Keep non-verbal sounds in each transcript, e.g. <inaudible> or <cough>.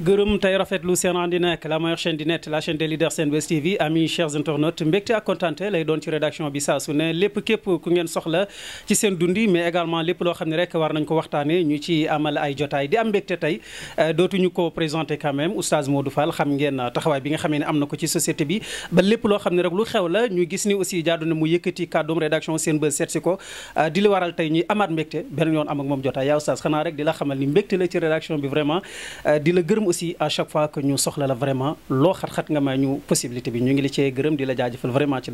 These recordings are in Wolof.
gërëm tey rafetlu seen àndi nekk la meilleure chaîne di net la chaîne des leaders Senbuzz TV amis chers internautes mbégte ak kontaante lay doon ci rédaction bi saa ne lépp képp ku ngeen soxla ci seen dundi mais également lépp loo xam ne rek war nañ ko waxtaane ñu euh, ko présenté quand même oustaz Modou Fall xam ngeen taxawaay bi nga am na ko ci société bi lu xew la ñu gis ni aussi jaadu na mu yëkkati kàddoom rédaction Senbuzz seet si ko euh, di li waral tey ñuy amaat mbégte benn yoon am moom jotaay yaa oustaz xanaa rek di la xamal ni mbégte la ci rédaction bi vraiment euh, di aussi à chaque fois que ñu soxla la vraiment loo xat-xat nga may ñu possibilité bi ñu ngi li cee gërëm di la jaajëfal vraiment ci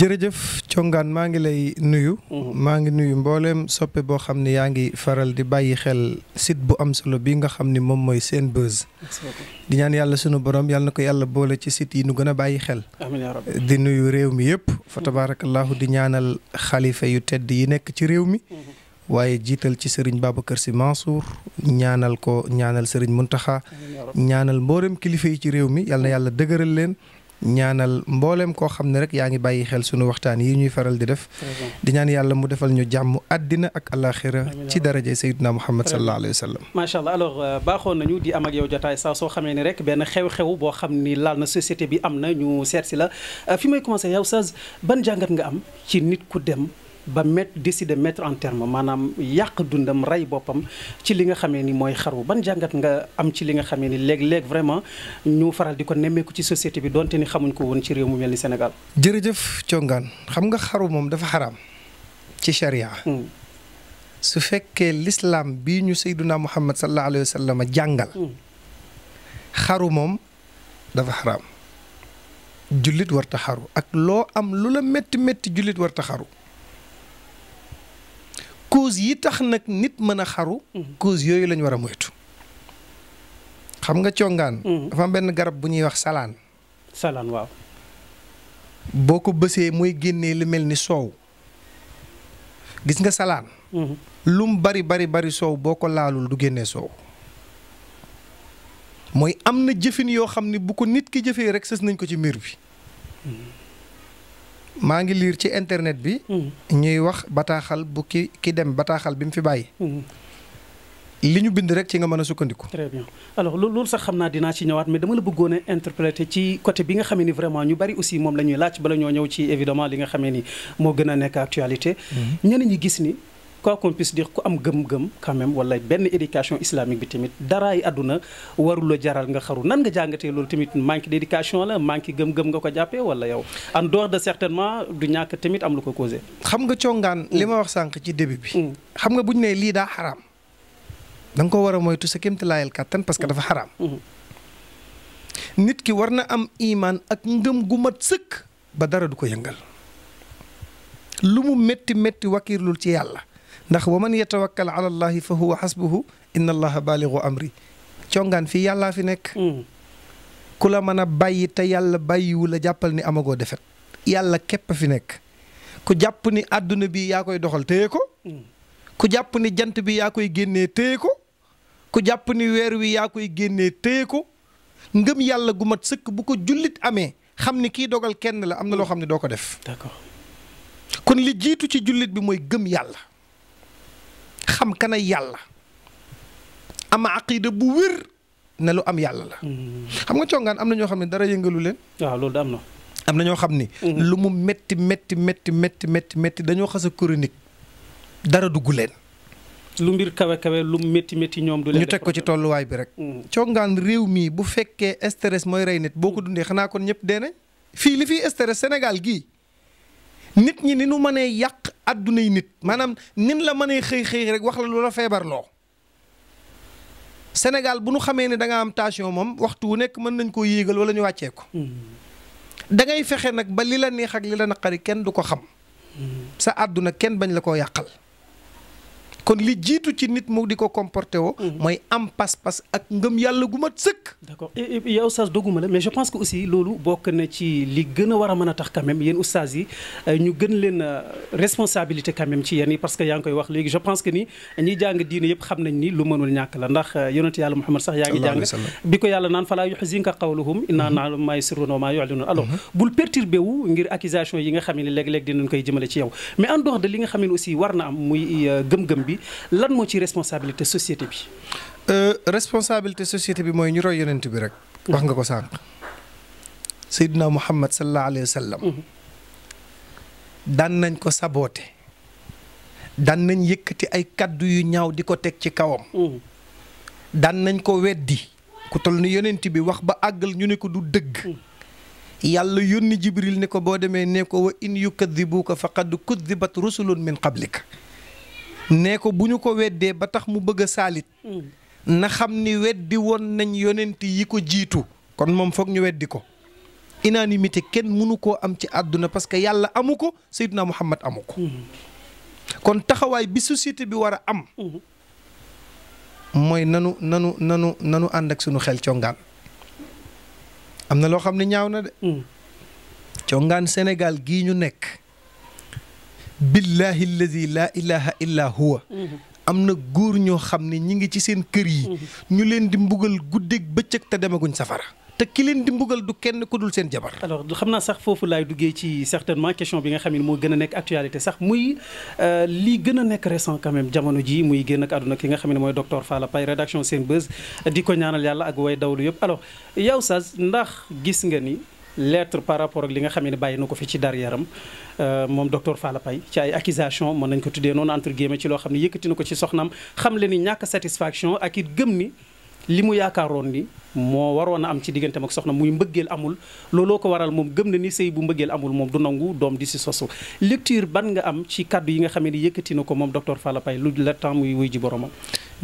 jërëjëf congaan maa ngi lay nuyu. Mhm. maa ngi nuyu mbooleem soppe boo xam ne yaa ngi faral di bàyyi xel site bu am solo bi nga xam ni moom mooy seen Senbuzz. di ñaan yàlla sunu borom yàlla ko yàlla boole ci sit yi nu gën a bàyyi xel. di nuyu réew mi yëpp. fa tabaarakallaahu di ñaanal xalifa yu tedd yi nekk ci réew mi. Mhm. waaye jiital ci sëriñ Babacar Sy Mansour ñaanal ko ñaanal sëriñ Muntaxa ñaanal mboolem kilifa yi ci réew mi yal yàlla dëgëral leen ñaanal mboolem koo xam ne rek yaa ngi bàyyi xel suñu waxtaan yi ñuy faral di def di ñaan yàlla mu defal ñu jàmm àddina ak alaxira ci daraje sayyidina muhammad sallallahu alayhi wa sallam macha allah alors euh, nañu di am ak yow jotaay saa soo xamee ni rek benn xew-xew boo xam ni laal na société bi am na ñu seet si la euh, fi may commencé yow Oustaz ban jàngat nga am ci nit ku dem ba met décider mettre en terme maanaam yàq dundam rey boppam ci li nga xamee ni mooy xaru ban jàngat nga am ci li nga xamee ni léeg-léeg vraiment ñu faral di ko nemmeeku ci société bi donte ni xamuñ ko woon ci réew mu mel ni Sénégal. jërëjëf congaan xam nga xaru moom dafa xaraam ci sharia. Hmm. su fekkee lislaam bi ñu sayduna muhammad sallallahu alayhi wa sallam jàngal. Hmm. xaru moom dafa xaraam. jullit warta xaru ak loo am lu la metti métti jullit warta xaru. cause yi tax nag nit mën a xaru mhm. cause yooyu lañ war a moytu xam nga congaan mhm. dafa am benn garab bu ñuy wax salaan salaan waaw boo ko bësee mooy génnee lu mel ni soow gis nga salaan mhm. lum bari bari bari soow boo ko laalul du génnee soow mooy am na jëfin yoo xam ne bu ko nit ki jëfee rek sës nañ ko ci miir bi maa ngi liir ci internet bi. Hmm. ñuy wax bataaxal bu ki ki dem bataaxal bi mu fi bàyyi. Hmm. li ñu bind rek ci nga mën a sukkandiku. très bien alors loolu sax xam naa dinaa ci ñëwaat mi dama la bëggoon a ci côté bi nga xamee ni vraiment ñu bari aussi moom la ñuy laaj bala ñoo ñëw ci évidemment li nga xamee ni moo gën a nekk actualité. Hmm. ñeneen ñi gis ni. quoi ku am gëm-gëm quand même wala benn éducation islaamique bi tamit dara daraay àdduna warul la jaral nga xaru nan nga jàngatee loolu tamit manque d'éducation la manque gëm-gëm nga ko jàppee wala yow en dehors de certainement du ñàkk tamit am lu ko causé. xam nga congaan li ma wax sànq ci début bi. Mm. xam nga bu ñu nee lii daa xaraam. da ko war a moytu sa kéemtalaayal kàttan parce que dafa xaraam. Mm. Mm-hmm. nit ki war na am imaan ak ngëm gu mat sëkk ba dara du ko yëngal. lu mu métti métti wakiirlul ci yàlla. ndax wa man yatawakkal ala allahi fa huwa xasbuhu inna allaha baaligu amri congaan fii yàllaa fi nekk hmm. ku la mën a bàyyi te yàlla bàyyiwu la jàppal ni amagoo defet yàlla képp fi nekk ku jàpp ni àdduna bi yaa koy doxal téye ko hmm. ku jàpp ni jant bi yaa koy génne téye ko ku jàpp ni weer wi yaa koy génnee téye ko ngëm yàlla gu mat sëkk bu ko jullit amee xam ni kii dogal kenn la am na loo hmm. xam ne doo ko def d'accord kon li jiitu ci jullit bi mooy gëm yàlla xam kanay yàlla am aqida bu wér ne lu am yàlla la. xam nga congaan am na ñoo xam ne dara yëngalu leen. waaw loolu am na. am na ñoo xam ni. Mm. lu mu metti metti metti metti metti metti dañoo xas a chronique dara dugg leen. lu mbir kawe kawe lu métti métti ñoom. du leen ñu teg ko ci tolluwaay bi rek. Mm. congaan réew mii bu fekkee stress mooy rey nit boo ko dundee xanaa kon ñëpp dee nañ fii li fi stress Sénégal gii. nit ñi ni nu mënee yàq yi nit maanaam nin la mënee xëy xëy rek wax la lu la feebarloo Sénégal bu nu xamee ne danga am tension moom waxtu wu nekk mën nañ koo yéegal wala ñu wàccee ko hmm. da ngay fexe nag ba li la neex ak li la naqari kenn du ko xam hmm. sa àdduna kenn bañ la koo yàqal kon li jiitu ci nit mu di ko comporté wo mhm. mooy am pas-pas ak ngëm yàlla gu mat sëkk. d'accord yow oustaz dogguma la mais je pense que aussi loolu bokk na ci li gën a war a mën a tax quand même yéen oustaz yi euh, ñu gën leen responsabilité quand même ci yéen yi parce que yaa ngi koy wax léegi je pense que ni ñiy jàng diine yëpp xam nañ ni lu mënul ñàkk la ndax euh, yonent yàlla Muhammad sax yaa ngi jàng bi ko yàlla naan falaa yuhzinka qawluhum inna mhm. na'lamu maa yusirruuna wa maa yu'linuun alors mhm. bul perturbé wu ngir accusation yi nga xam ne léeg-léeg dinañ koy jëmale ci yow mais en dehors de li nga xam ne aussi war na am muy euh, gëm-gëm bi lan moo ci responsabilité société bi. Euh, responsabilité société bi mooy ñu roy yonent bi rek. wax nga ko sànq. Seydina Muhammad sallallahu alayhi wa mhm. daan nañ ko saboote. daan nañ yëkkati ay kàddu yu ñaaw di ko teg ci kawam. Mhm. daan nañ ko weddi. ku toll ni yonent bi wax ba àggal ñu ne ko du dëgg. Mhm. yàlla yónni jibril ne ko boo demee ne ko wa in yukadibuka faqad kudibat rusulun min qablik nee ko bu ñu ko weddee ba tax mu bëgg a saalit hmm. na xam ni weddi woon nañ yonent yi ko jiitu kon moom foog ñu weddi ko unanimité kenn mënu koo am ci àdduna parce que yàlla amu ko Seydina Muhammad amu ko hmm. kon taxawaay bi société bi war a am hmm. mooy nanu nanu nanu nanu ànd ak sunu xel congaan am na loo xam ne ñaaw na de congaan Sénégal gii ñu nekk billahi allazi laa ilaha illa huwa mm-hmm. am na góor ñoo xam ne ñi ngi ci seen kër yi mm-hmm. ñu leen di mbugal guddeeg bëccëg te demaguñ safara te ki leen di mbugal du kenn ku dul seen jabar alors xam naa sax foofu laay duggee ci certainement question bi nga xam ne moo gën a nekk actualité sax muy euh, li gën a nekk récent quand même jamono ji muy génn ak àdduna ki nga xam ne mooy docteur Falla Paye rédaction Senbuzz di ko ñaanal yàlla ak way dawlu yëpp alors yow Oustaz ndax gis nga ni lettre par rapport ak li nga xam ne bàyyi na ko fi ci derrière am euh, moom docteur Falla Paye ci ay accusation mën nañ ko tuddee noonu entre guillemets ci loo xam ne yëkkati na ko ci soxnaam xam le ni ñàkk satisfaction ak it gëm ni li mu yaakaaroon ni moo waroon a am ci digganteem ak soxna muy mbëggeel amul looloo ko waral moom gëm na ni sëy bu mbëggeel amul moom du nangu doom di si sosu lecture ban nga am ci kaddu yi nga xam ne yëkkati na ko moom docteur Falla Paye lu la temps muy wuy ji boromam.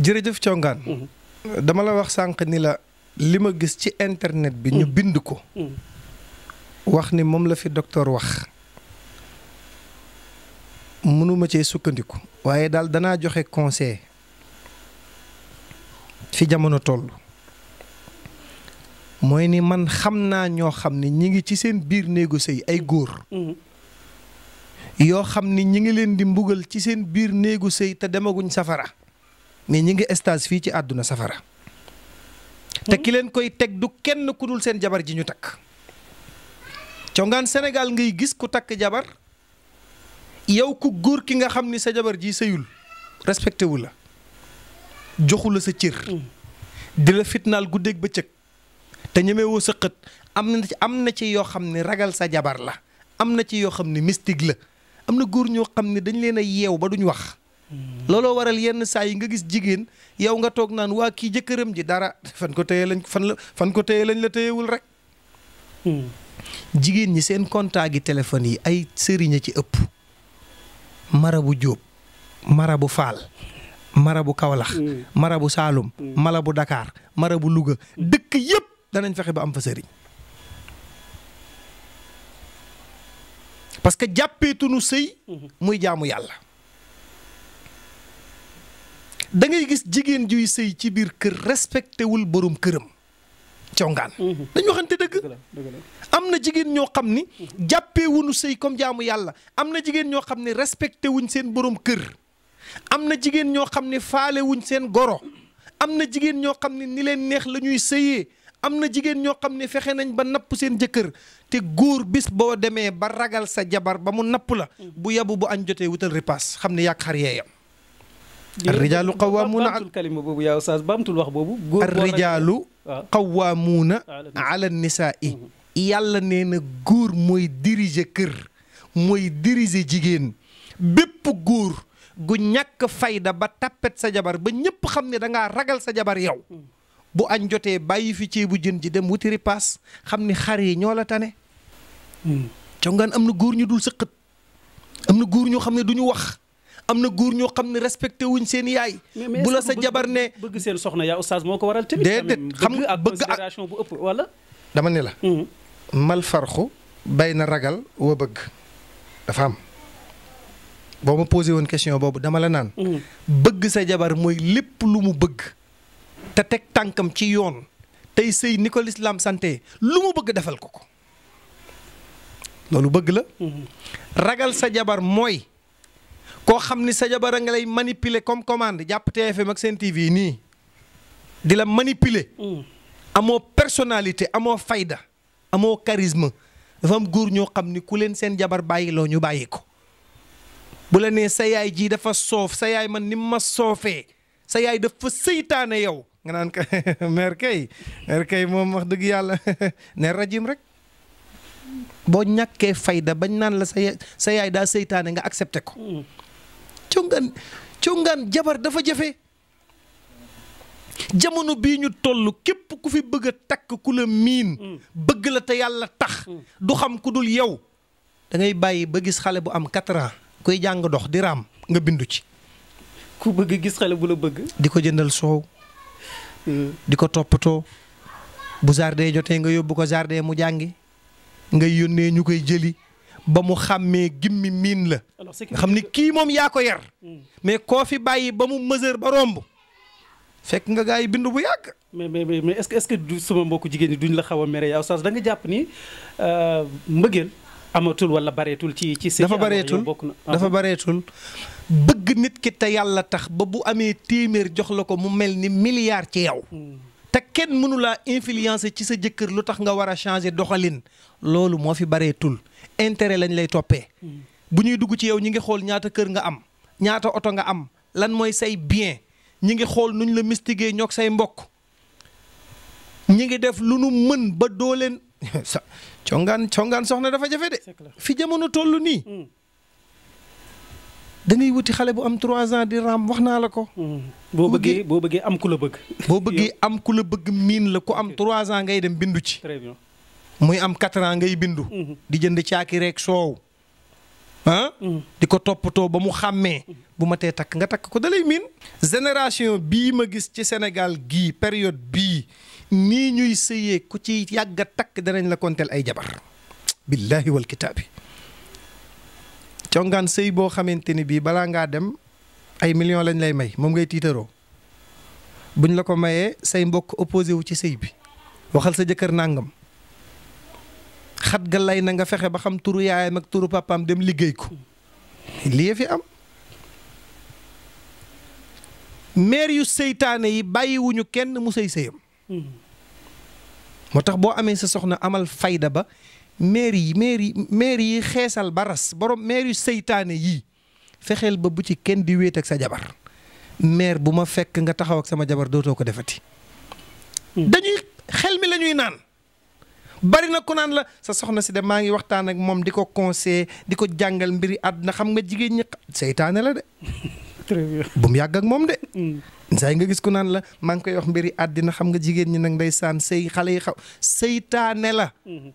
jërëjëf Thiongaan. Mm-hmm. dama la wax sànq ni la li ma gis ci internet bi. ñu mm-hmm. bind ko. Mm-hmm. wax ni moom la fi docteur wax mënuma cee sukkandiku waaye daal danaa joxe conseil fi jamono toll mooy ni man xam naa ñoo xam ne ñi ngi ci seen biir néegu sëy ay góor mm-hmm. yoo xam ni ñi ngi leen di mbugal ci seen biir néegu sëy te demaguñ safara ne ñi ngi stage fii ci àdduna safara te ki mm-hmm. leen koy teg du kenn ku dul seen jabar ji ñu takk congaan Sénégal ngay gis ku takk jabar yow ku góor ki nga xam ni sa jabar ji sëyul respecté wu la joxu la sa cër di la fitnaal ba bëccëg te ñemewoo sa am na ci am na ci yoo xam ne ragal sa jabar la am na ci yoo xam ne mystique la am na góor ñoo xam ne dañ leen a yeew ba duñ wax looloo waral yenn saa yi nga gis jigéen yow nga toog naan waa kii jëkkëram ji dara fan ko téye lañ fan la fan ko téye lañ la téyewul rek jigéen ñi seen contact gi téléphone yi ay sëriñ a ci ëpp marabu Jóob marabu Faal bu Kawlax mm. marabu Saalum dakaar mm. Dakar bu Louga mm. dëkk yépp danañ fexe ba am fa sëriñ parce que jàppeetunu sëy mm-hmm. muy jaamu yàlla da ngay gis jigéen juy sëy ci biir kër respecté wul borom këram congaan mhm. dañ waxante dëgg am na jigéen ñoo xam ni mhm. jàppee wuñu sëy comme jaamu yàlla am na jigéen ñoo xam ne respecté wuñ seen borom kër am na jigéen ñoo xam ne faale seen goro am na jigéen ñoo xam ne ni leen neex la ñuy sëyee am na jigéen ñoo xam ne fexe nañ ba napp seen jëkkër te góor bis boo demee ba ragal sa jabar ba mu napp la mhm. bu yabu bu añ jotee wutal repas xam ne yàq xar yeeyam arrijaalu qawwaamuuna baamtul kalima boobu yaa Oustaz baamtul wax boobu. góor arrijaalu qawwaamuuna ala nisaa'i mhm. yàlla nee na góor mooy diriger kër mooy diriger jigéen bépp góor gu ñàkk fayda ba tappet sa jabar ba ñëpp xam ne da ragal sa jabar yow. Mhm. bu añ jotee bàyyi fi ceebu jën ji dem wuti ripaas xam ni xar yi ñoo la tane. Mhm. congaan am na góor ñu dul sëqat am na góor ñoo xam ne du ñu wax. am na góor ñoo xam ne respecté wuñ seen yaay. bu la sa jabar ne bëgg seen soxna yaa oustaz moo ko waral tamit. déedéet xam nga bëgg ak bu ëpp wala. dama ne la. Mhm. mal farxu bay na ragal wa bëgg dafa am. boo ma posé woon question boobu dama la naan. Mhm. bëgg sa jabar mooy lépp lu mu bëgg. te teg tànkam ci yoon. tey sëy ni ko lislaam santé lu mu bëgg defal ko ko. loolu bëgg la. Mhm. ragal sa jabar mooy. koo xam ni sa jabar a nga lay manipuler comme commande jàpp TFM ak seen TV nii di la manipuler. Hmm. amoo personnalité amoo fayda amoo charisme dafa am góor ñoo xam ni ku leen seen jabar bàyyiloo ñu bàyyi ko. bu la nee sa yaay jii dafa soof sa yaay man ni ma soofee sa yaay dafa seytaane yow nga naan ko <laughs> mère kay moom wax dëgg yàlla <laughs> ne rajim rek. boo ñàkkee fayda bañ naan la sa yaay sa yaay daa seytaane nga accepté ko. Hmm. congaan congaan jabar dafa jafe jamono bii ñu toll képp ku fi bëgg a takk ku la miin bëgg la te yàlla tax du xam ku dul yow dangay bàyyi ba gis xale bu am quatre ans kuy jàng dox di raam nga bindu ci ku bëgg gis xale bu la bëgg di ko jëndal soow hmm. di ko toppatoo bu jardin jotee nga yóbbu ko jardin mu jàngi ngay yónnee ñu koy jëli ba mu xàmmee gimmi miin la nga xam ni kii moom yaa ko yar hmm. mais koo fi bàyyi ba mu mesure ba romb fekk nga gaa yi bind bu yàgg mais mais mais est-ce que sama mbokku jigéen ñi duñ la xaw a mere yaw saas da nga jàpp ni euh, mbëggeel amatul wala bareetul ci ci. dafa bareetul ah. dafa bareetul bëgg nit ki te yàlla tax ba bu amee téeméer jox la ko mu mel ni milliard ci yow. Hmm. kenn mënulaa influencer ci sa jëkkër lu tax nga war a changer doxalin loolu moo fi bareetul tul intérêt lañ lay toppee bu ñuy dugg ci yow ñi ngi xool ñaata kër nga am ñaata oto nga am lan mooy say bien ñu ngi xool nuñ la mistiguer ñoog say mbokk ñu ngi def lu nu mën ba doo leen <laughs> congaan congaan soxna dafa jafe de fi jamono toll nii hmm. da wuti xale bu am trois ans di raam wax naa la ko. Hmm. boo bëggee boo bëggee am ku la bëgg. boo bëggee am ku la bëgg miin la ku am trois ans ngay dem bindu ci. très muy am quatre ans ngay bindu. Hmm. di jënd caaki rek soow. ah. di ko toppatoo ba mu xàmmee. bu ma tee takk nga takk ko da lay miin. génération bii ma gis ci Sénégal gii période bi nii ñuy sëyee ku ci yàgg takk danañ la konteel ay jabar. billaahi wal congaan sëy boo xamante ni bii balaa ngaa dem ay million lañ lay may moom ngay tiitaroo buñ la ko mayee say mbokk opposé wu ci sëy bi waxal sa jëkkër nàngam xat ga lay na nga fexe ba xam turu yaayam ak turu papaam dem liggéey ko lii fi am maire yu seytaane yi bàyyiwuñu kenn mu sëy sëyam hmm. moo tax boo amee sa soxna amal fayda ba maire yi maire yi maire yi xeesal ba ras borom maire yu seytaane yii fexeel ba bu ci kenn di wéet ak sa jabar maire bu ma fekk nga taxaw ak sama jabar dootoo ko defati. Hmm. dañuy xel mi la ñuy naan. bari na ku naan la sa soxna si de maa ngi waxtaan ak moom di ko conseillé di ko jàngal mbiri àdduna xam nga jigéen ñi seytaane la de. <laughs> yàgg ak moom de. Hmm. nga gis ku naan la maa ngi koy wax mbiri àddina xam nga jigéen ñi nag ndeysaan sëy xale yi xaw seytaane la. Hmm.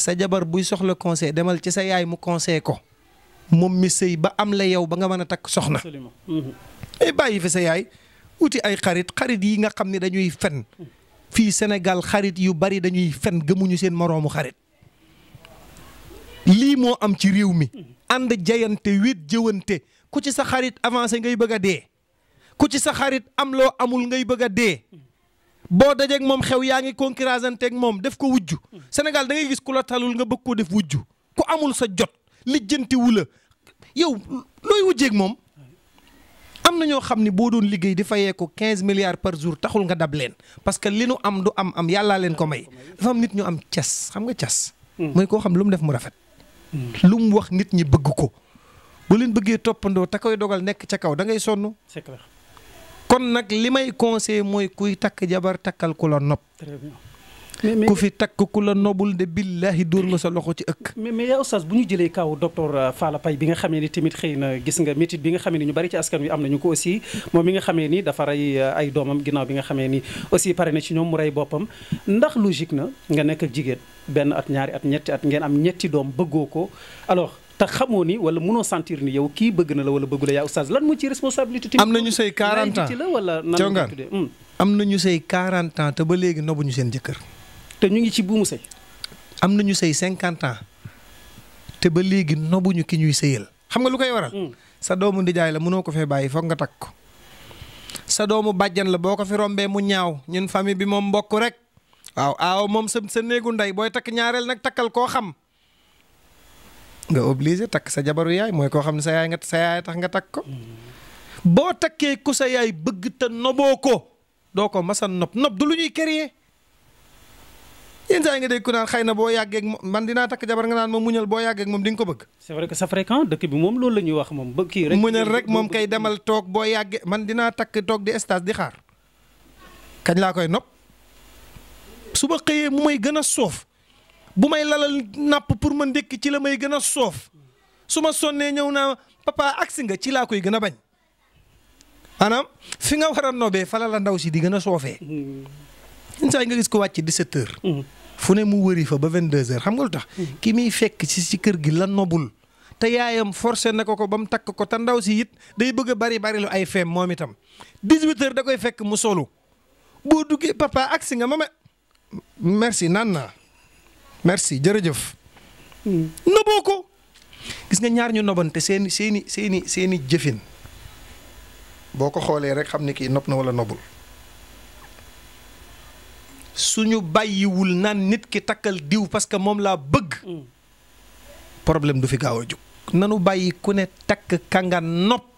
sa jabar buy soxla conseil demal ci sa yaay mu conseil ko moom mi sëy ba am la yow ba nga mën a takk soxna ay mhm. eh, bàyyi fi sa yaay wuti ay xarit xarit yi nga xam ne dañuy fen fii Sénégal xarit yu bari dañuy fen gëmuñu seen moroomu xarit lii moo am ci réew mi ànd jayante wét jëwante ku ci sa xarit avancé ngay bëgg a dee ku ci sa xarit am loo amul ngay bëgg a dee boo dajeeg moom xew yaa ngi ek moom def ko wujj Sénégal da ngay gis ku la talul nga bëgg koo def wujju ku amul sa jot lijjanti wu la yow looy wujjeeg moom am na ñoo xam ni boo doon liggéey di fayee ko 15 milliards par jour taxul nga dab leen parce que li nu am du am am yàllaa leen ko may dafa am nit ñu am cas xam nga cas. Hmm. mooy koo xam lu mu def mu rafet. lu mu wax nit ñi bëgg ko. bu leen bëggee toppandoo te koy dogal nekk ca kaw da ngay sonn. c'est kon nag li may conseillé mooy kuy takk jabar takkal ku la nopp. très ku fi takk ku la nobul de billahi dóor nga sa loxo ci ëkk. mais mais yaa bu ñu jëlee kaw docteur euh, Falla Paye bi nga xamee ni tamit xëy na gis nga métit bi nga xamee ni ñu bari ci askan wi am nañu ko aussi moom mi nga xamee ni dafa rey euh, ay doomam ginnaaw bi nga xamee ni aussi pare na ci ñoom mu rey boppam ndax logique na nga nekk ak jigéen benn at ñaari at ñetti at ngeen am ñetti doom bëggoo ko alors. te xamoo ni wala mënoo sentir ni yow kii bëgg na la wala bëggu la yaa oustaz lan moo ci responsabilité. tamit am na ñu say la wala nan la tuddee hmm. am na ñu say 40 ans te ba léegi ñu seen jëkkër. te ñu ngi ci buumu sëy. am na ñu say 50 ans te ba léegi nobuñu ki ñuy sëyal xam nga lu koy waral. Hmm. sa doomu nijaay la mënoo ko fee bàyyi foog nga takk ko. sa doomu bàjjan la boo ko fi rombee mu ñaaw ñun famille bi moom mbokk rek waaw aaw moom sa sa néegu ndey booy takk ñaareel nag takkal koo xam. nga obligé takk sa jabaru yaay mooy koo xam ne sa yaay nga sa tax nga takk ko. boo takkee ku sa yaay bëgg te noboo ko doo ko masa nob nob du lu ñuy créer yenn saa yi nga dégg ku naan xëy na boo yàggee man dinaa takk jabar nga naan ma muñal boo yàggee moom di nga ko bëgg. c'est vrai que ça fréquent dëkk bi moom loolu la ñuy wax moom bëgg kii rek. rek moom kay demal toog boo yàggee man dinaa takk toog di stage di xaar kañ laa koy nob su ma xëyee mu may gën a soof bu may lalal napp pour ma ndékki ci la may gën a soof su ma sonnee ñëw naa papa agsi nga ci laa koy gën a bañ maanaam fi nga war a nobee fala la ndaw si di gën a soofee une mm. saa yi nga gis ko wàcc 17 heures mm. fu ne mu wëri fa ba 22 heures xam nga lu tax mm. ki muy fekk si si kër gi la nobul te yaayam forcé na ko ko ba mu takk ko te ndaw si it day bëgg a bari bari lu ay feem moom itam 18 heures da koy fekk mu solu boo duggee papa agsi nga ma merci naan naa merci jërëjëf. Hmm. noboo ko. gis nga ñaar ñu nobante seeni seeni seeni seeni jëfin boo ko xoolee rek xam ne kii nopp na wala nobul ñu bàyyiwul naan nit ki takkal diw parce que moom laa bëgg. Hmm. problème du fi gaaw a jóg. nanu bàyyi ku ne takk ka nga nopp.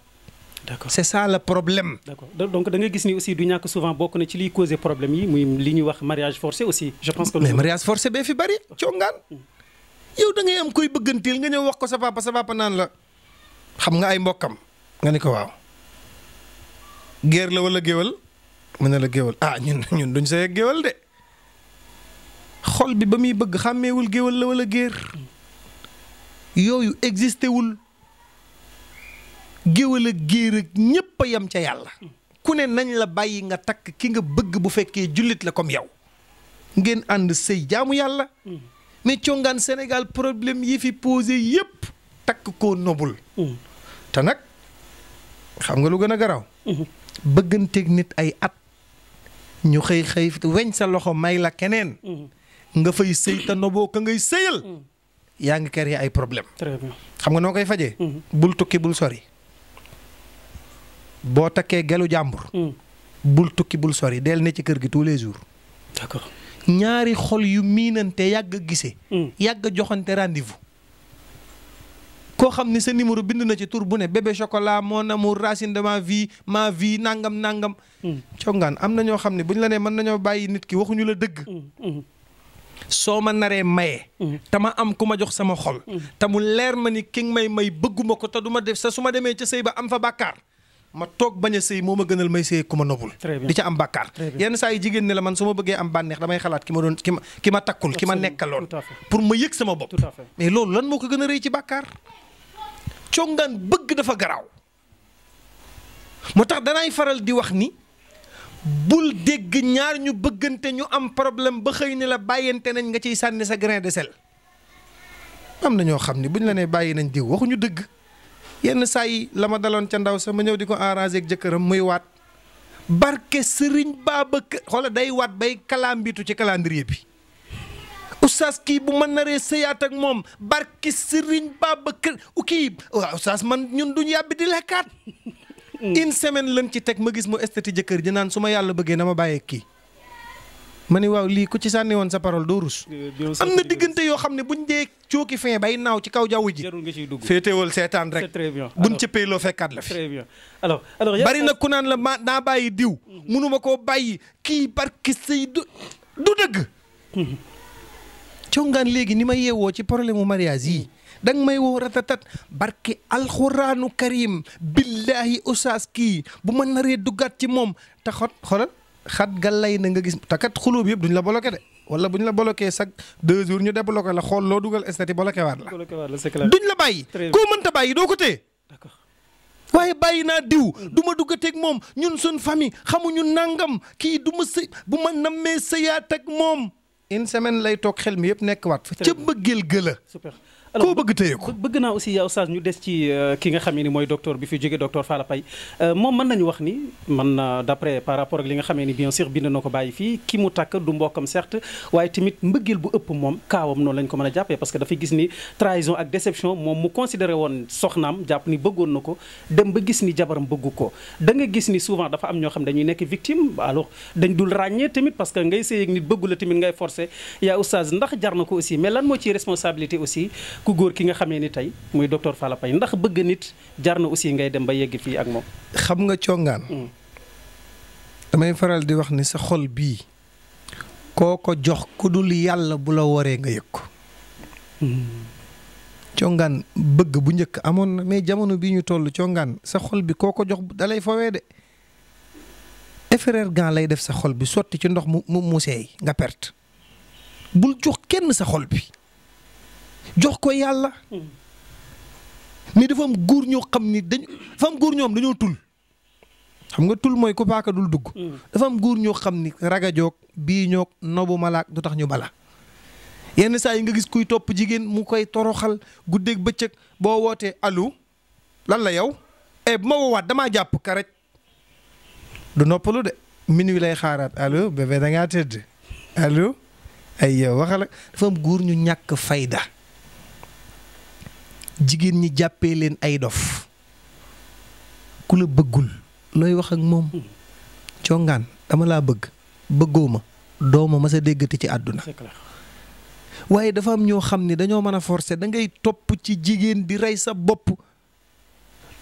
d'accord c'est ça le problème. d'accord donc da nga gis ni aussi du ñàkk souvent bokk na ci liy causer problème yi muy li ñuy wax mariage forcé aussi. je pense que mais mariage forcé bee fi bari congaan hmm. yow da ngay am koy bëggantil nga ñëw wax ko sa papa sa papa naan la xam nga ay mbokkam nga ni ko waaw. géer la wala géwal mu ne la géwal ah ñun ñun duñ see géwal de xol bi ba muy bëgg xàmmeewul géwal la wala géer hmm. yooyu existé wul. géwél ak géer ak ñépp a yem ca yàlla ku ne nañ la bàyyi nga takk ki nga bëgg bu fekkee jullit la comme yow ngeen ànd sëy jaamu yàlla mais congaan Sénégal problème yi fi posé yépp takk ko nobul te nag xam nga lu gën a garaaw bëgganteeg nit ay at ñu xëy xëy weñ sa loxo may la keneen nga fay sëy te noboo ka ngay sëyal yaa ngi kar créer ay problème xam nga noo koy fajee mm-hmm. bul tukki bul sori boo takkee gelu jàmbur. Hmm. bul tukki bul yi del na ci kër gi tous les jours. d'accord ñaari xol yu miinante yàgg a gisee. Hmm. yàgg a joxante rendez koo xam ni sa numéro bind na ci tur bu ne bébé chocolat mon amour racine de ma vie ma vie nangam nangam. Hmm. congaan am na ñoo xam ne bu ñu la nee mën nañoo bàyyi nit ki waxuñu la dëgg. soo ma naree maye. te ma am ku ma jox sama xol. te mu leer ma ni ki may may bëgguma ko te du ma def sa su ma demee ca sëy ba am fa bàkkaar. ma toog bañ a sëy moo ma gënal may sëy ku ma nobul di ca am bàkkaar yenn saa yi jigéen ne la man su ma bëggee am bànneex damay xalaat ki ma doon ki ma ki ma takkul ki ma nekkaloon pour ma yëg sama bopp mais loolu lan moo ko gën a rëy ci bàkkaar congaan bëgg dafa garaaw moo tax danay faral di wax ni bul dégg ñaar ñu bëggante ñu am problème ba xëy ni la bàyyante nañ nga ciy sànni sa grain de sel am na ñoo xam ne buñ la nee bàyyi nañ diw waxuñu dëgg yenn saa yi la ma daloon ca ndaw sama ñëw di ko arrangé jëkkëram muy waat barke sëriñ Babacar xoola day waat bay kalambitu ci calendrier bi oustaz kii bu ma naree sëyaat ak moom barke sëriñ Babacar kii waaw oustaz man ñun duñ yàbbi di lekkaat. <laughs> Hmm. une semaine lañ ci teg ma gis mu estati jëkkër ji naan su ma yàlla bëggee na ma bàyyeeg kii. ma ni waaw lii ku ci sànni woon sa parole doo rus. am na diggante yoo xam ne buñ dee cooki fin bay naaw ci kaw jaww ji. féetewal seetaan rek. c'est très bien buñ ca payloo fekkaat la fi. très bien alors alors bari na ku naan la ma naa bàyyi diw. mënuma mhm. koo bàyyi kii barki sëy du du dëgg. Mhm. congaan léegi ni ma yeewoo ci problème mu mariage yi. Mhm. danga may woo ratatat barke alxuraanu karim billahi oustaz kii bu ma naree duggaat ci moom te xot xoolal. xat gàllay na nga gis te kat xulóob yëpp duñ la bloqué de wala buñ la bloqué chaque deux jours ñu débloqué la xool loo dugal statut bloqué waat la. duñ la bàyyi. koo mënta bàyyi doo ko téye. waaye bàyyi naa diw du ma duggateeg moom ñun suñ famille xamuñu nangam kii du ma sëy bu ma nammee sëyaat ak moom. une semaine lay toog xel mi yëpp nekk waat. fa ca bëggeel gëla. super koo bëgg téye ko bëgg naa aussi yow Oustaz ñu des ci euh, ki nga xam ne ni mooy docteur bi fi jóge docteur Falla Paye euh, moom man nañu wax ni man na euh, d'après par rapport ak li nga xamee ni bien sûr bind ko bàyyi fii ki mu takk du mbokkam certes waaye tamit mbëggeel bu ëpp moom kaawam noonu lañ ko mën a jàppee parce que dafay gis ni trahison ak moom mu considéré woon soxnaam jàpp ni bëggoon na ko dem ba gis ni jabaram bëggu ko danga gis ni souvent dafa am ñoo xam dañuy nekk victime alors dañ dul ràññee tamit parce que ngay sëy ak nit bëggu la tamit ngay forcé yaa Oustaz ndax jar na ko aussi mais lan moo ci responsabilité aussi ku góor ki nga xamee ni tey muy docteur Falla Paye ndax bëgg nit jar na aussi ngay dem ba yegg fii ak moom. xam nga congaan mm. damay faral di wax ni sa xol bii koo ko jox ku dul yàlla bu la waree nga yëg ko mm. congaan bëgg bu njëkk amoon na mais jamono bii ñu toll congaan sa xol bi koo ko jox dalay fowee de effraire gan lay def sa xol bi sotti ci ndox mu mu mu seey nga perte bul jox kenn sa xol bi jox ko yàlla. mais dafa am góor ñoo xam ni dañ dafa am góor ñoom dañoo tul xam nga tul mooy ku paaka dul dugg. dafa am góor ñoo xam ni ragajoog bii ñoog nobu malaak du tax ñu bala. yenn saa yi nga gis kuy topp jigéen mu koy toroxal guddeeg bëccëg boo wootee allo lan la yow e bu ma woowaat damaa jàpp ka rek du noppalu de lay xaaraat allo bébé ay yow waxal dafa am góor ñu ñàkk fayda. jigéen ñi jàppee leen ay dof ku la bëggul looy wax ak moom congaan dama laa bëgg bëggoo ma doo ma mës déggati ci àdduna waaye dafa am ñoo xam ni dañoo mën a forcer da ngay topp ci jigéen di rey sa bopp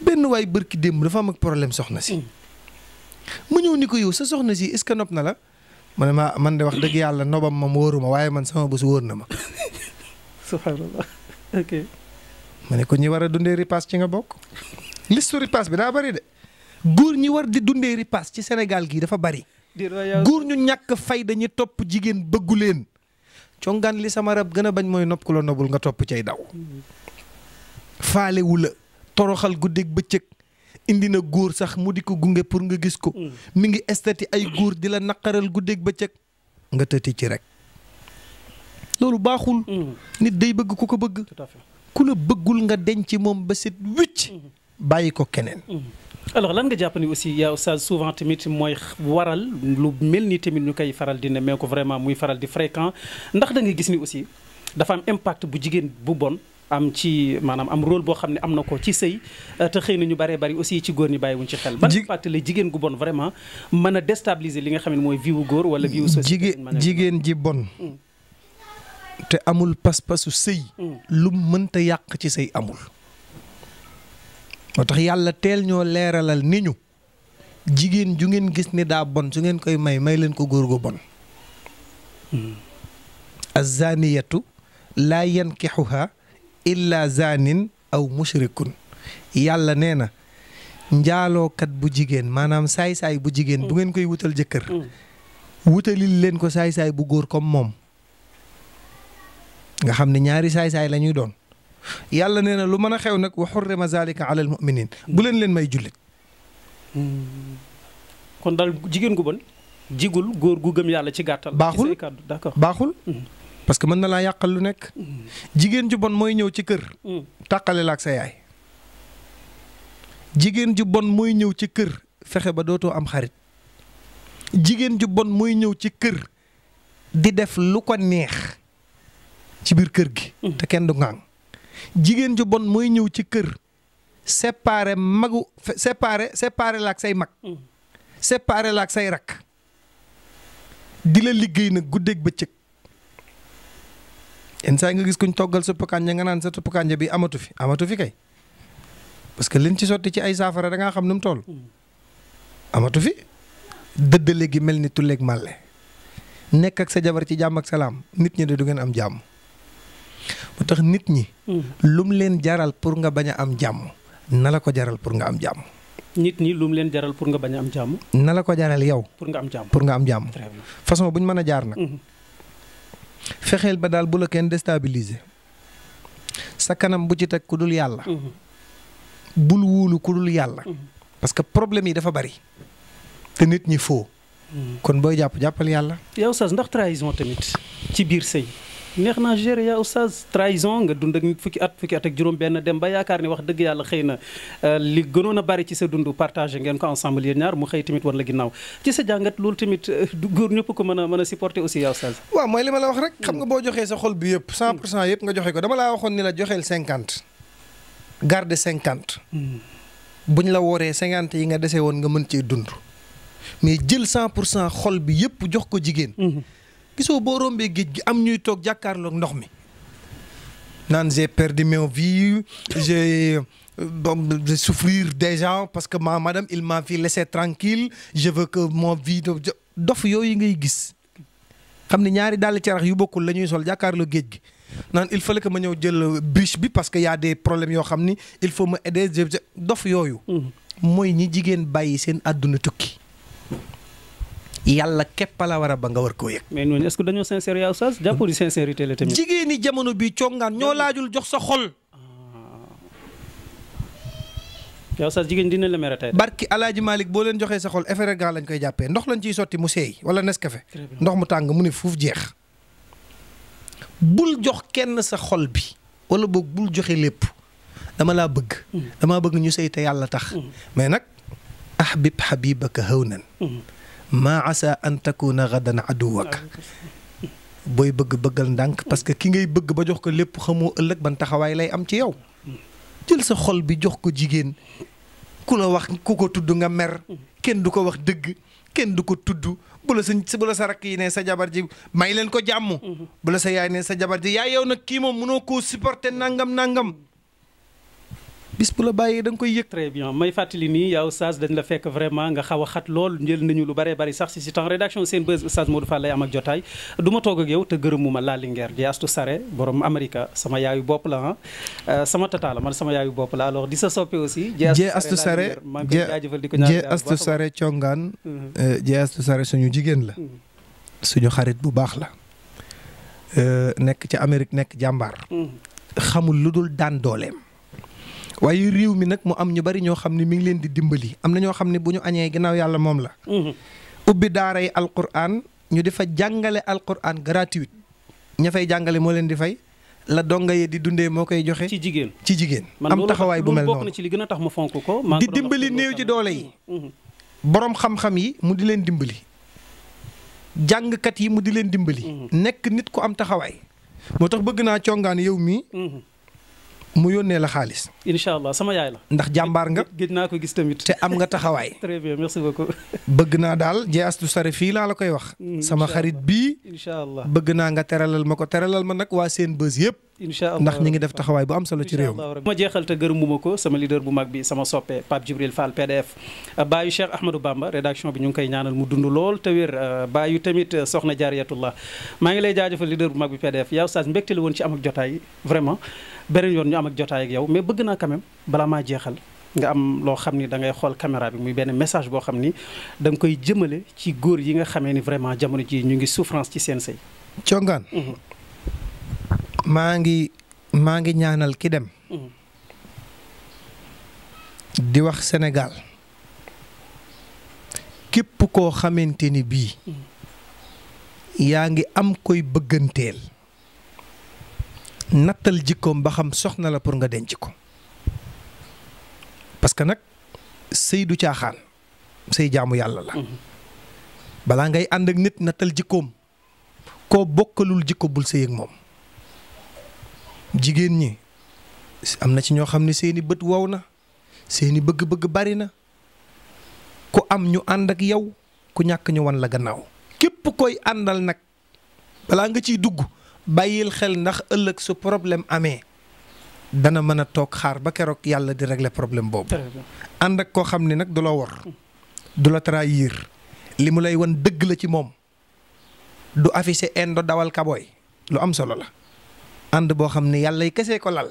benn waay bërki démb dafa am ak problème soxna si mm. mu ñëw ni ko yow sa soxna si est-ce que nopp na la ma ne ma man de wax dëgg yàlla nobam moom wóoru ma waaye man sama bés wóor na ma <laughs> subhanallah ma ne ko ñi war a dundee ripaas ci nga bokk listu ripaas bi daa bari de góor ñi war di dundee ripaas ci Sénégal gii dafa bari góor ñu ñàkk fayda ñi topp jigéen bëggu leen congaan li sama rab gën a bañ mooy nopp ku la nga topp cay daw faalewu la toroxal guddeeg bëccëg indi na góor sax mu di ko gunge pour nga gis ko mm. mi ngi estati ay góor di la naqaral guddeeg bëccëg nga tëti ci rek loolu baaxul mm. nit day bëgg ku ko bëgg ku la bëggul nga ci moom ba set wicc mhm. bàyyi ko keneen. Mhm. alors lan nga jàpp ni aussi yaa oustaz souvent tamit mooy waral lu mel ni tamit ñu koy faral di ne mee ko vraiment muy faral di fréquent ndax da nga gis ni aussi dafa am impact bu jigéen bu bon. am ci maanaam am role boo xam ne am na ko ci sëy euh, te xëy na ñu baree bari aussi ci góor ñi wuñ ci xel. ban impact la jigéen gu bon vraiment mën a déstabiliser li nga xam ne mooy vie góor wala vie wu société. jigéen jigéen ji bon. Mhm. te amul pas-pasu sëy hmm. lu mënta yàq ci say amul moo tax yàlla teel ñoo leeralal ni ñu jigéen ju ngeen gis ni daa bon su ngeen koy may may leen ko góor gu bon hmm. azaniyatu laa yankixuha illa zanin aw mushrikun yàlla nee na njaalookat bu jigéen maanaam saay-saay bu jigéen bu hmm. ngeen koy wutal jëkkër wutalil leen ko saay-saay bu góor comme moom nga xam ne ñaari saay-saay la ñuy doon yàlla nee na lu mën a xew nag wa xurrima zalika alal muminin bu leen leen may jullit. Hmm. kon jigéen gu bon jigul góor gu gëm yàlla ci gàttal. baaxul d'accord baaxul. Hmm. parce que mën na laa yàqal lu nekk. Hmm. jigéen ju bon mooy ñëw ci kër. tàqale la ak sa yaay. jigéen ju bon mooy ñëw ci kër fexe ba dootoo am xarit. jigéen ju bon mooy ñëw ci kër di def lu ko neex. ci biir kër gi. Mm. te kenn du ŋaang. jigéen ju bon mooy ñëw ci kër. séparé magu séparé séparé la ak say mag. Mm. séparé la ak say rak. di la liggéey nag guddeeg bëccëg. yenn saa nga gis kuñ toggal suppu kànja nga naan sa suppu kànja bi amatu fi amatu fi kay. parce que liñ ci sotti ci ay saafara da ngaa xam nu mu toll. Mm. amatu fi. dëddale gi mel ni tulleeg màlle. nekk ak sa jabar ci jàmm ak salaam nit ñi de du ngeen am jàmm. moo tax nit ñi. Hmm. lum leen jaral pour nga bañ am jàmm na la ko jaral pour nga am jàmm. nit ñi lum leen jaral pour nga bañ a am jàmm. na la ko jaral yow. pour nga am jàmm pour nga am jàmm. façon bu ñu mën a jaar nag. Hmm. fexeel ba daal bu la kenn déstabiliser. sa kanam bu ci teg ku dul yàlla. Hmm. bul wuulu ku dul yàlla. parce que problème yi dafa bari. te nit ñi foo. kon booy jàpp jàppal yàlla. yow sax ndax trahison tamit ci biir sëy neex naa gérer yaa oustaz trahison nga dund ak fukki at fukki at ak juróom-benn dem ba yaakaar ni wax dëgg yàlla xëy na euh, li gënoon a bari ci sa dund partage ngeen ko ensemble yéen ñaar mu xëy tamit war la ginnaaw ci sa jàngat loolu tamit euh, du góor ñëpp ko mën a mën a supporter aussi yaa oustaz. waaw mooy li ma la wax rek. xam nga mm. boo joxee sa xol bi yëpp. 100 pour cent yëpp nga joxe ko dama laa waxoon ni la joxeel 50. garde cinquante mm. buñ la wooree 50 yi nga dese woon nga mën cee dund. mais jël 100 pour cent xol bi yëpp jox ko jigéen. Mm-hmm. gisoo boo rombee géej gi am ñuy toog jàkkaarloog ndox mi naan j'ai perdu ma vie j'ai euh, de souffrir déjà parce que ma madame il m'a fi laissé tranquille je veux que mon vie dof yooyu ngay gis xam ne ñaari dàll carax yu bokkul la ñuy sol jàkkaarloo géej gi naan il fallait que ma ñëw jël euh, biche bi parce que y a des problèmes yoo xam ni il faut ma aider dof yooyu. Mm-hmm. mooy ñi jigéen bàyyi seen adduna tukki. yàlla képp la war a ba nga war koo yëg. mais ñooñu est-ce que dañoo sincère yaa oustaz jàppul sincérité la tamit. jigéeni jamono bi congaan ñoo laajul jox sa xol. Ah. yaa oustaz jigéen dina la mere tey. barki alaaji Malick boo leen joxee sa xol effervescent lañ koy jàppee ndox lañ ciy sotti mu seey wala Nescafé ndox mu tàng mu ne fuuf jeex. bul jox kenn sa xol bi wala bëgg bul joxe lépp dama laa bëgg. Mm. damaa bëgg ñu sey te yàlla tax. Mm. mais nag ahbib habibaka hawnan mm. maa asa an takuna gadan aduwak booy bëgg bëggal ndànk parce que ki ngay bëgg ba jox ko lépp xamoo ëllëg ban taxawaay lay am ci yow jël sa xol bi jox ko jigéen ku la wax ku ko tudd nga mer kenn du ko wax dëgg kenn du ko tudd bu la sa bu la sa rakk yi ne sa jabar ji may leen ko jàmm mm-hmm. bu la sa yaay nee sa jabar ji yaay yow nag kii moom mënoo koo supporter nangam nangam bis bu la bàyyee da nga koy yëg. très bien may fàttali nii yow Oustaz dañ la fekk nga xaw a xat lool njël nañu lu bëree bëri sax si si temps rédaction seen bés Oustaz Modou Fall lay am ak jotaay du ma toog ak yow te gërëmuma laa lingeer di astu sare borom sama yaayu bopp la ah euh, sama tata la man sama yaayu bopp la alors di sa soppe aussi. jee astu sare jee astu sare congaan mhm. euh, jee astu sare suñu jigéen la. Mhm. suñu xarit bu baax la. Euh, nekk ca Amérique nekk jàmbaar. Mhm. xamul lu dul daan dooleem. waaye réew mi nag mu am ñu bari ñoo xam ne mi ngi leen di dimbali am na ñoo xam ne bu ñu añee ginnaaw yàlla moom la. Mhm. ubbi daara yi alquran ñu di fa jàngale alquran gratuite ña fay jàngale moo leen di fay la donga yee di dundee moo koy joxe. ci jigéen ci jigéen. am taxawaay bu mel noonu ci li gën a tax ma fonk ko. di dimbali néew ci doole yi. borom xam-xam yi mu di leen dimbali. jàngkat yi mu di leen dimbali. Mhm. nekk nit ku am taxawaay. moo tax bëgg naa congaan yow mii. Mhm. mu yónnee la xaalis. incha allah sama yaay la. ndax jàmbaar nga. gëj naa ko gis tamit. te am nga taxawaay. <laughs> très bien merci <laughs> bëgg naa daal jeeastu sare fii laa la koy wax. Mm, sama xarit bii. incha allah bëgg naa nga teralal ma ko teralal ma nag waa seen bës yëpp. incha ndax ñi ngi taxawaay bu am solo ci réew mi. ma jeexal te gërëmu ko sama leader bu mag bi sama soppe Pape Djibril Fall PDF. Euh, baayu Cheikh Ahmadou Bamba rédaction bi ñu ngi koy ñaanal mu dund lool te wér euh, baayu tamit euh, soxna Jaariyatullah maa ngi lay jaajëfal leader bu mag bi PDF yow Oustaz mbégte la woon ci am ak jotaay vraiment beneen yoon ñu am ak jotaay ak yow mais bëgg naa quand même bala jeexal nga am loo xam ni dangay xool caméra bi muy benn message boo xam ni da nga koy jëmale ci góor yi nga xamee ni vraiment jamono ji ñu ngi souffrance ci seen sëy congaan mhm. maa ngi maa ngi ñaanal ki dem mhm. di wax Sénégal képp koo xamante ni bii mhm. yaa ngi am koy bëgganteel nattal jikkoom ba xam soxna la pour nga denc ko parce que nag sëy du caaxaan sëy jaamu yàlla la. balaa ngay ànd ak nit nattal jikkoom koo bokkalul jikko bul sëy ak moom jigéen ñi am na ci ñoo xam ni seeni bët wow na seeni bëgg-bëgg bari na ku am ñu ànd ak yow ku ñàkk ñu wan la gannaaw képp koy àndal nag balaa nga ciy dugg. bàyyil xel ndax ëllëg su problème amee dana mën a toog xaar ba keroog yàlla di régler problème boobu. ànd ak koo xam ne nag du la wor du la trahir li mu lay wan dëgg la ci moom du afficher indo dawal kabooy lu am solo la. ànd boo xam ne yàlla yi kese ko lal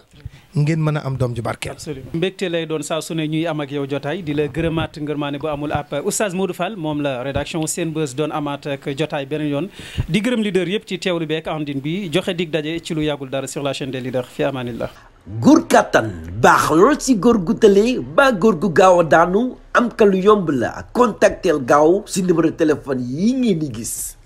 ngeen mën a am doom ju barkeel. absolument lay doon saa su ne ñuy am ak yow jotaay di la gërëmaat ngërmaane bu amul ab oustaz Modou Fall moom la rédaction Senbuzz doon amaat ak jotaay beneen yoon di gërëm leader yëpp ci teew teewlu beek andin bi joxe dig daje ci lu yàggul dara sur la chaîne des leaders fi amaanillah góor kàttan baax lool ci góor gu tëlee ba góor gu gaaw a daanu am ka lu yomb la contactel gaaw si numéro téléphone yi ngeen di gis.